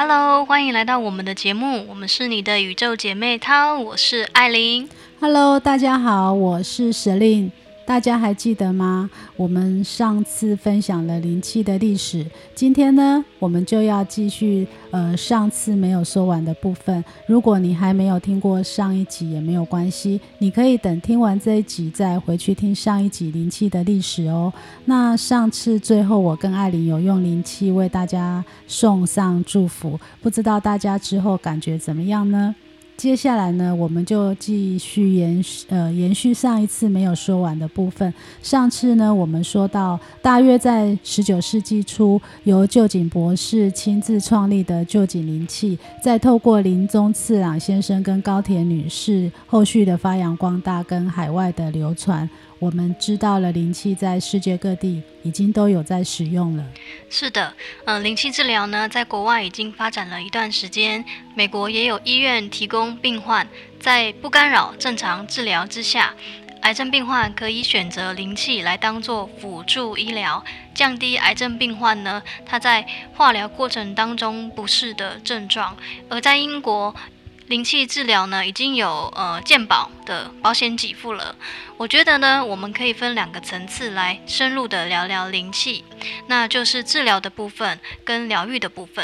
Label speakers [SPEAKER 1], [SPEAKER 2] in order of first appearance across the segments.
[SPEAKER 1] Hello，歡迎來到我們的節目。我們是你的宇宙姐妹淘，我是艾琳。
[SPEAKER 2] Hello，大家好，我是 Selina。大家還記得嗎？我們上次分享了靈氣的歷史，今天呢，我們就要繼續呃上次沒有說完的部分。如果你還沒有聽過上一集也沒有關係，你可以等聽完這一集再回去聽上一集靈氣的歷史哦。那上次最後我跟艾琳有用靈氣為大家送上祝福，不知道大家之後感覺怎麼樣呢？接下來呢，我們就繼續延呃延續上一次沒有說完的部分。上次呢，我們說到大約在十九世紀初，由臼井博士親自創立的臼井靈氣，再透過林忠次郎先生跟高田女士後續的發揚光大跟海外的流傳。我們知道了，靈氣在世界各地已經都有在使用了。
[SPEAKER 1] 是的，嗯、呃，靈氣治療呢，在國外已經發展了一段時間。美國也有醫院提供病患在不干擾正常治療之下，癌症病患可以選擇靈氣來當做輔助醫療，降低癌症病患呢，他在化療過程當中不適的症狀。而在英國。靈氣治療呢，已經有呃健保的保險給付了。我覺得呢，我們可以分兩個層次來深入的聊聊靈氣，那就是治療的部分跟療癒的部分。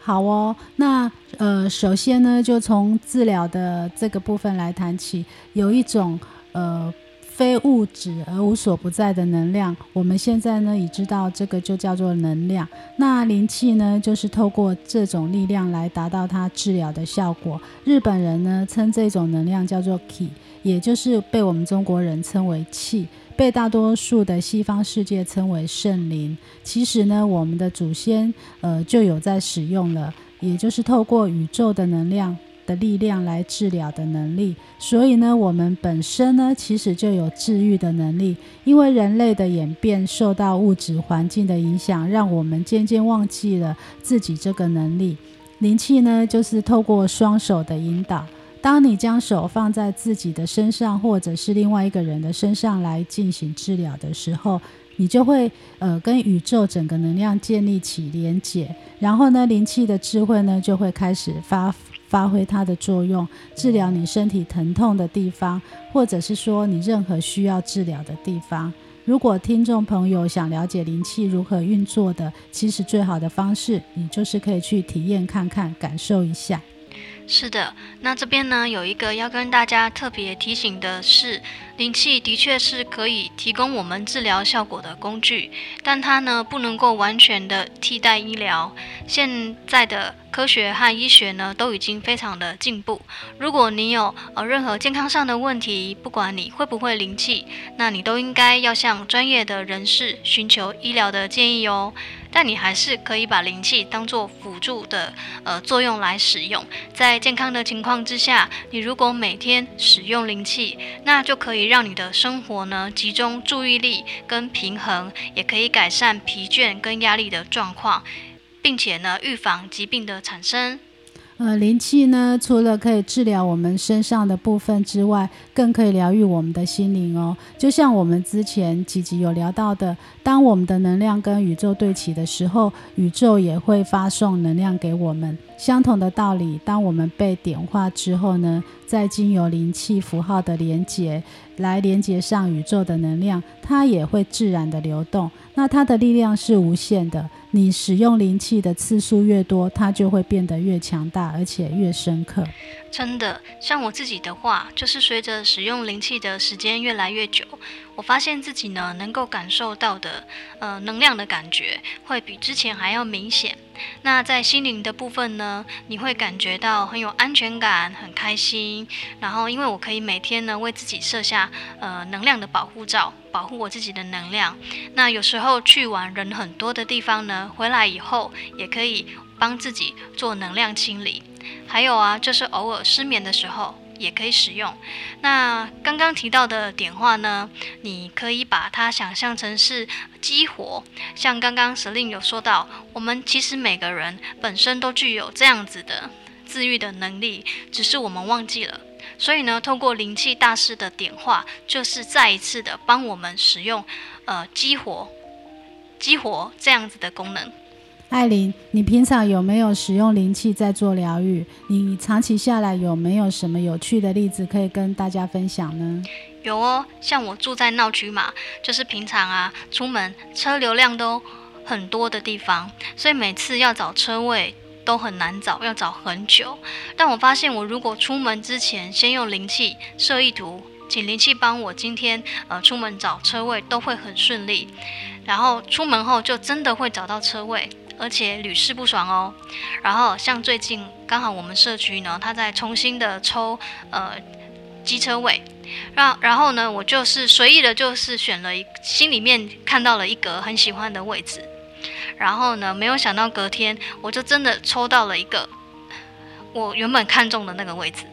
[SPEAKER 2] 好哦，那呃，首先呢，就從治療的這個部分來談起，有一種呃。非物質而無所不在的能量，我們現在呢，已知道這個就叫做能量。那靈氣呢，就是透過這種力量來達到它治療的效果。日本人呢，稱這種能量叫做氣，也就是被我們中國人稱為氣，被大多數的西方世界稱為聖靈。其實呢，我們的祖先呃就有在使用了，也就是透過宇宙的能量，的力量來治療的能力，所以呢，我們本身呢，其實就有治癒的能力。因為人類的演變受到物質環境的影響，讓我們漸漸忘記了自己這個能力。靈氣呢，就是透過雙手的引導，當你將手放在自己的身上，或者是另外一個人的身上來進行治療的時候，你就會呃，跟宇宙整個能量建立起連接。然後呢，靈氣的智慧呢，就會開始發。發揮它的作用，治療你身體疼痛的地方，或者是說你任何需要治療的地方。如果聽眾朋友想了解靈氣如何運作的，其實最好的方式，你就是可以去體驗看看，感受一下。
[SPEAKER 1] 是的，那這邊呢，有一個要跟大家特別提醒的是，靈氣的確是可以提供我們治療效果的工具，但它呢，不能夠完全的替代醫療。現在的科學和醫學呢都已經非常的進步。如果你有呃任何健康上的問題，不管你會不會靈氣，那你都應該要向專業的人士尋求醫療的建議哦。但你還是可以把靈氣當作輔助的呃作用來使用。在健康的情況之下，你如果每天使用靈氣，那就可以讓你的生活呢集中注意力跟平衡，也可以改善疲倦跟壓力的狀況。並且呢，預防疾病的產生。
[SPEAKER 2] 呃，靈氣呢，除了可以治療我們身上的部分之外，更可以療癒我們的心靈哦。就像我們之前幾集有聊到的，當我們的能量跟宇宙對齊的時候，宇宙也會發送能量給我們。相同的道理，當我們被點化之後呢，再經由靈氣符號的連接，來連接上宇宙的能量，它也會自然的流動。那它的力量是無限的。你使用靈氣的次數越多，它就會變得越強大，而且越深刻。
[SPEAKER 1] 真的，像我自己的話，就是隨着使用靈氣的時間越來越久。我發現自己呢，能夠感受到的，呃，能量的感覺會比之前還要明顯。那在心靈的部分呢，你會感覺到很有安全感，很開心。然後，因為我可以每天呢，為自己設下呃能量的保護罩，保護我自己的能量。那有時候去完人很多的地方呢，回來以後也可以幫自己做能量清理。還有啊，就是偶爾失眠的時候。也可以使用。那剛剛提到的點化呢，你可以把它想象成是激活。像剛剛捨令有說到，我們其實每個人本身都具有這樣子的自愈的能力，只是我們忘記了。所以呢，通過靈氣大師的點化，就是再一次的幫我們使用，呃，激活、激活這樣子的功能。
[SPEAKER 2] 艾琳，你平常有沒有使用靈氣在做療癒？你長期下來有沒有什麼有趣的例子可以跟大家分享呢？
[SPEAKER 1] 有哦，像我住在鬧區嘛，就是平常啊出門車流量都很多的地方，所以每次要找車位都很難找，要找很久。但我發現，我如果出門之前先用靈氣設意圖，請靈氣幫我今天呃出門找車位，都會很順利，然後出門後就真的會找到車位。而且屢試不爽哦。然後像最近剛好我們社區呢，他在重新的抽呃機車位，然然後呢，我就是隨意的，就是選了一心裡面看到了一個很喜歡的位置，然後呢，沒有想到隔天我就真的抽到了一個我原本看中的那個位置。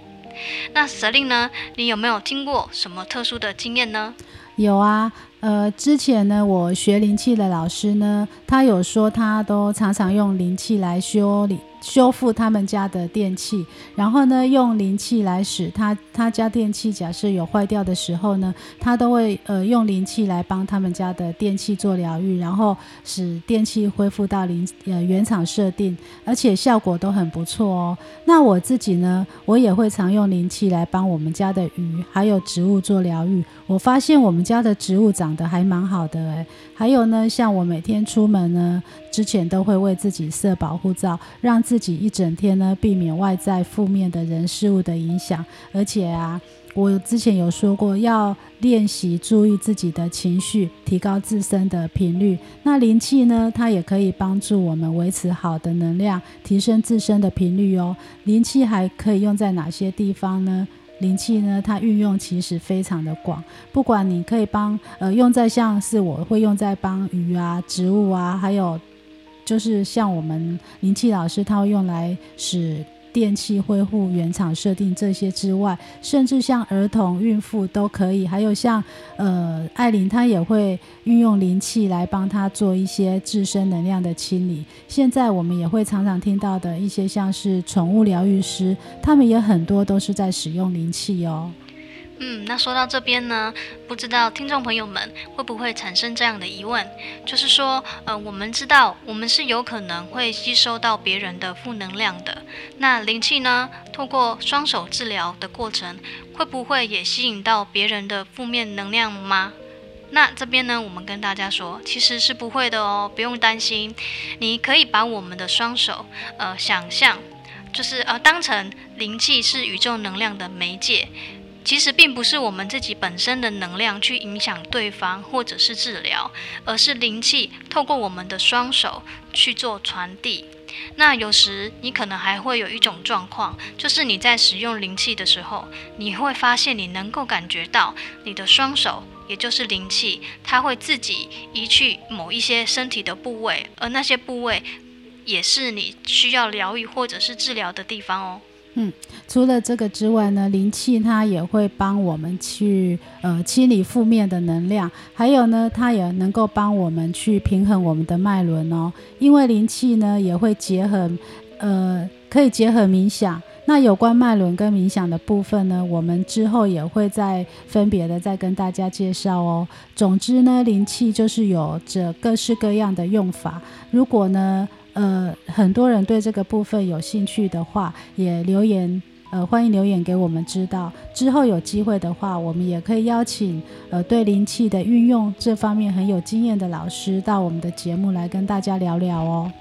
[SPEAKER 1] 那司令呢，你有沒有聽過什麼特殊的經驗呢？
[SPEAKER 2] 有啊，呃，之前呢，我學靈氣的老師呢，他有說他都常常用靈氣來修理。修復他們家的電器，然後呢，用靈氣來使他他家電器，假設有壞掉的時候呢，他都會呃用靈氣來幫他們家的電器做療癒，然後使電器恢復到零呃原廠設定，而且效果都很不錯哦。那我自己呢，我也會常用靈氣來幫我們家的魚還有植物做療癒，我發現我們家的植物長得還蠻好的誒，還有呢，像我每天出門呢。之前都會為自己設保護罩，讓自己一整天呢避免外在負面的人事物的影響。而且啊，我之前有說過要練習注意自己的情緒，提高自身的頻率。那靈氣呢，它也可以幫助我們維持好的能量，提升自身的頻率哦。靈氣還可以用在哪些地方呢？靈氣呢，它運用其實非常的廣，不管你可以幫呃用在像是我會用在幫魚啊、植物啊，還有。就是像我們靈氣老師，他會用來使電器恢復原廠設定這些之外，甚至像兒童、孕婦都可以，還有像呃艾琳，她也會運用靈氣來幫她做一些自身能量的清理。現在我們也會常常聽到的一些，像是寵物療癒師，他們也很多都是在使用靈氣哦。
[SPEAKER 1] 嗯，那說到這邊呢，不知道聽眾朋友們會不會產生這樣的疑問，就是說，呃，我們知道我們是有可能會吸收到別人的負能量的，那靈氣呢，透過雙手治療的過程，會不會也吸引到別人的負面能量嗎？那這邊呢，我們跟大家說，其實是不會的哦，不用擔心，你可以把我們的雙手，呃，想象就是呃，當成靈氣是宇宙能量的媒介。其實並不是我們自己本身的能量去影響對方或者是治療，而是靈氣透過我們的雙手去做傳遞。那有時你可能還會有一種狀況，就是你在使用靈氣的時候，你會發現你能夠感覺到你的雙手，也就是靈氣，它會自己移去某一些身體的部位，而那些部位也是你需要療癒或者是治療的地方哦。
[SPEAKER 2] 嗯，除了這個之外呢，靈氣它也會幫我們去呃清理負面的能量，還有呢，它也能夠幫我們去平衡我們的脈輪哦。因為靈氣呢也會結合呃，可以結合冥想。那有關脈輪跟冥想的部分呢，我們之後也會再分別的再跟大家介紹哦。總之呢，靈氣就是有着各式各樣的用法。如果呢，呃，很多人對這個部分有興趣的話，也留言，呃，歡迎留言給我們知道。之後有機會的話，我們也可以邀請，呃，對靈氣的運用這方面很有經驗的老師，到我們的節目來跟大家聊聊
[SPEAKER 1] 哦。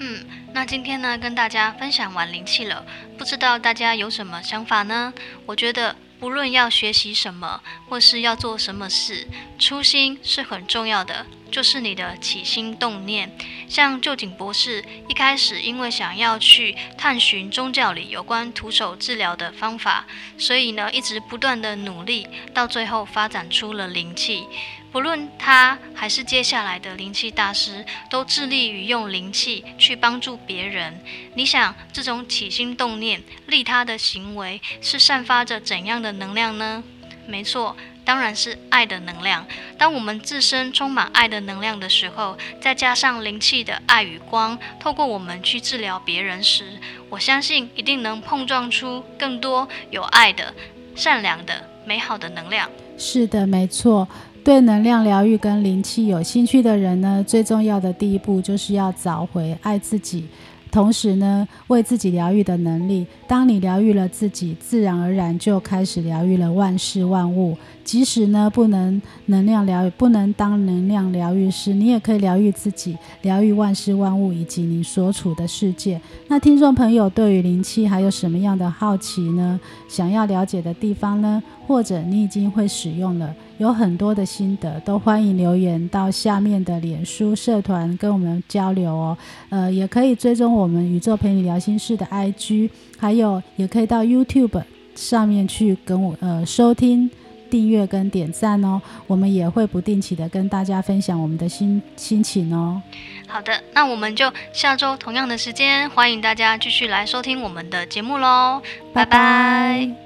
[SPEAKER 1] 嗯，那今天呢，跟大家分享完靈氣了，不知道大家有什麼想法呢？我覺得，不論要學習什麼，或是要做什麼事，初心是很重要的。就是你的起心動念，像臼井博士一開始，因為想要去探尋宗教裡有關徒手治療的方法，所以呢，一直不斷的努力，到最後發展出了靈氣。不論他還是接下來的靈氣大師，都致力於用靈氣去幫助別人。你想，這種起心動念利他的行為，是散發着怎樣的能量呢？沒錯。當然是愛的能量。當我們自身充滿愛的能量的時候，再加上靈氣的愛與光，透過我們去治療別人時，我相信一定能碰撞出更多有愛的、善良的、美好的能量。
[SPEAKER 2] 是的，沒錯。對能量療癒跟靈氣有興趣的人呢，最重要的第一步就是要找回愛自己。同時呢，為自己療癒的能力，當你療癒了自己，自然而然就開始療癒了萬事萬物。即使呢，不能能量療癒，不能當能量療癒師，你也可以療癒自己，療癒萬事萬物以及你所處的世界。那聽眾朋友，對於靈氣還有什麼樣的好奇呢？想要了解的地方呢？或者你已經會使用了，有很多的心得，都歡迎留言到下面的臉書社團跟我們交流哦。呃，也可以追蹤我。我們宇宙陪你聊心事的 IG，還有也可以到 YouTube 上面去跟我呃收聽、訂閱跟點贊哦。我們也會不定期的跟大家分享我們的心心情哦。
[SPEAKER 1] 好的，那我們就下周同樣的時間，歡迎大家繼續來收聽我們的節目嘍。拜拜。拜拜。